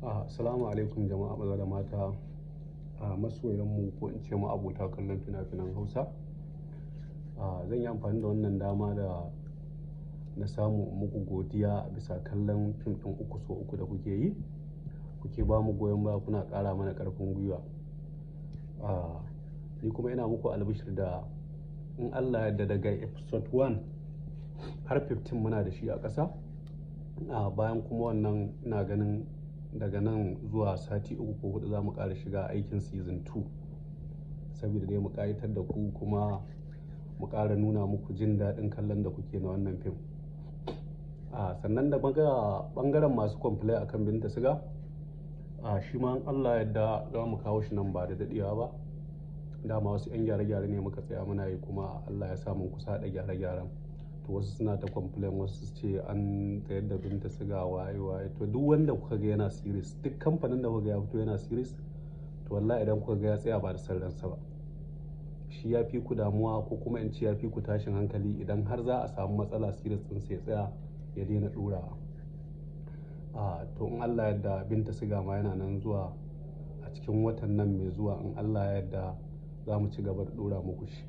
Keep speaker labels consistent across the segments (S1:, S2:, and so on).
S1: Ah, assalamu alaikum jama'a maza da mata a ah, masoyanmu ko in ce abota kallon fina-finan Hausa. Ah, zan yi amfani da wannan dama da na samu muku godiya bisa kallon fim ɗin uku so uku da kuke yi. Kuke ba mu goyon baya kuna ƙara mana karfin gwiwa. Ni kuma ina muku albishir da in Allah yadda daga episode 1 har 15 muna da shi a ƙasa. Bayan kuma wannan ina ganin daga nan zuwa sati uku ko hudu za mu ƙara shiga aikin season 2 saboda dai mu ƙayatar da ku kuma mu ƙara nuna muku jin daɗin kallon da kuke na wannan fim a sannan da ɓangaren masu kwamfilai a kan binta siga a shi ma allah yadda za mu kawo shi nan ba da daɗewa ba dama wasu 'yan gyare-gyare ne muka tsaya muna yi kuma allah ya mun kusa da gyare-gyaren to wasu suna ta complain wasu ce an tsayar da binta siga waye waye to duk wanda kuka ga yana serious duk kamfanin da kuka ga ya fito yana serious to wallahi idan kuka ga ya tsaya ba da sa ba shi ya fi ku damuwa ko kuma in ce ya fi ku tashin hankali idan har za a samu matsala serious din sai tsaya ya daina durawa a to in Allah yadda binta siga ma yana nan zuwa a cikin watan nan mai zuwa in Allah yadda za mu ci gaba da dora muku shi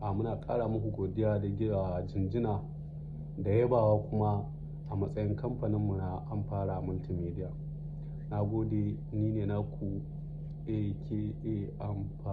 S1: a muna ƙara muku godiya da jinjina da yabawa kuma a matsayin kamfaninmu na amfara multimedia na gode ni ne naku aka amfara